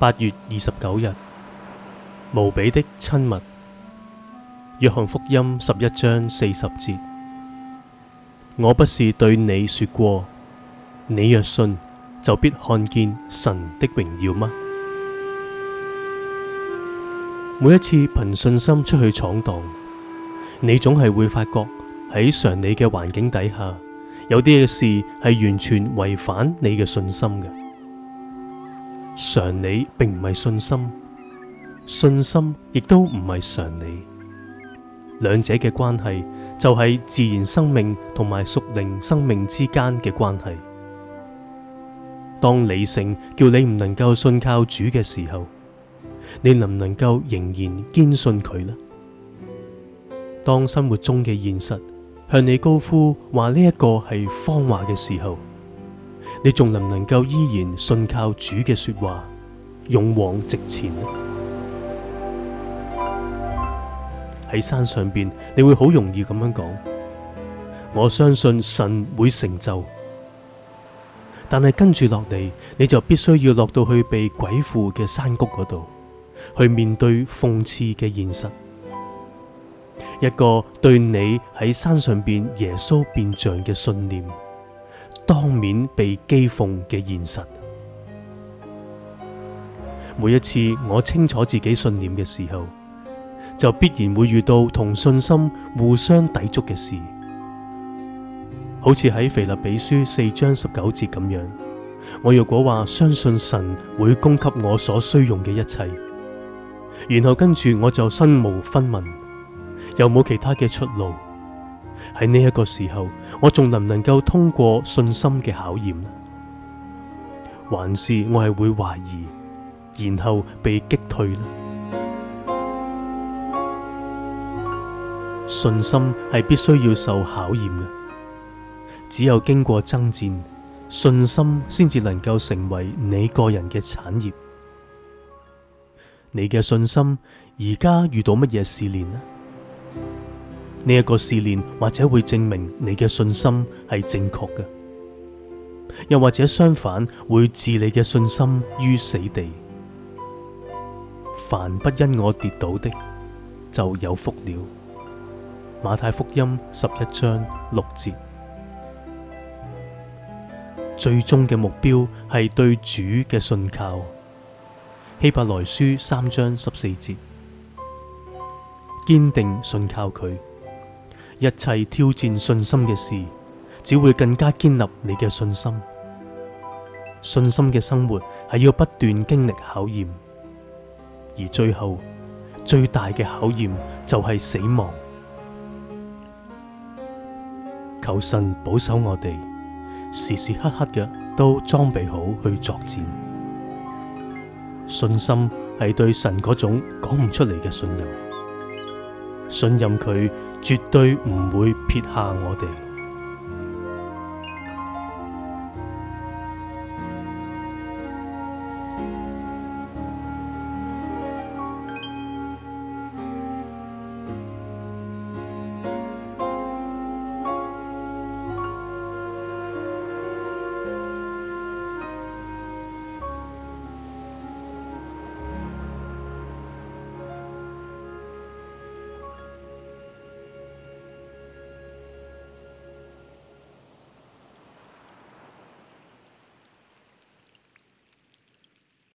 八月二十九日，無比的親密。約翰福音十一章四十節：我不是對你說過，你若信，就必看見神的榮耀嗎？每一次憑信心出去闖蕩，你總係會發覺喺常理嘅環境底下，有啲嘅事係完全違反你嘅信心嘅。常理並唔係信心，信心亦都唔係常理，兩者嘅關係就係自然生命同埋屬靈生命之間嘅關係。當理性叫你唔能夠信靠主嘅時候，你能唔能夠仍然堅信佢呢？當生活中嘅現實向你高呼話呢一個係謊話嘅時候，你仲能唔能夠依然信靠主嘅說話，勇往直前呢？喺山上邊，你會好容易咁樣講，我相信神會成就。但係跟住落地，你就必須要落到去被鬼附嘅山谷嗰度，去面對諷刺嘅現實。一個對你喺山上邊耶穌變像嘅信念。當面被譏諷嘅現實，每一次我清楚自己信念嘅時候，就必然會遇到同信心互相抵觸嘅事，好似喺腓立比書四章十九節咁樣。我若果話相信神會供給我所需用嘅一切，然後跟住我就身無分文，又冇其他嘅出路。喺呢一個時候，我仲能唔能夠通過信心嘅考驗呢？還是我係會懷疑，然後被擊退呢？信心係必須要受考驗嘅，只有經過爭戰，信心先至能夠成為你個人嘅產業。你嘅信心而家遇到乜嘢試煉呢？呢一個試煉或者會證明你嘅信心係正確嘅，又或者相反會置你嘅信心於死地。凡不因我跌倒的就有福了。馬太福音十一章六節。最終嘅目標係對主嘅信靠。希伯來書三章十四節，堅定信靠佢。一切挑戰信心嘅事，只會更加堅立你嘅信心。信心嘅生活係要不斷經歷考驗，而最後最大嘅考驗就係死亡。求神保守我哋，時時刻刻嘅都裝備好去作戰。信心係對神嗰種講唔出嚟嘅信任。信任佢，絕對唔會撇下我哋。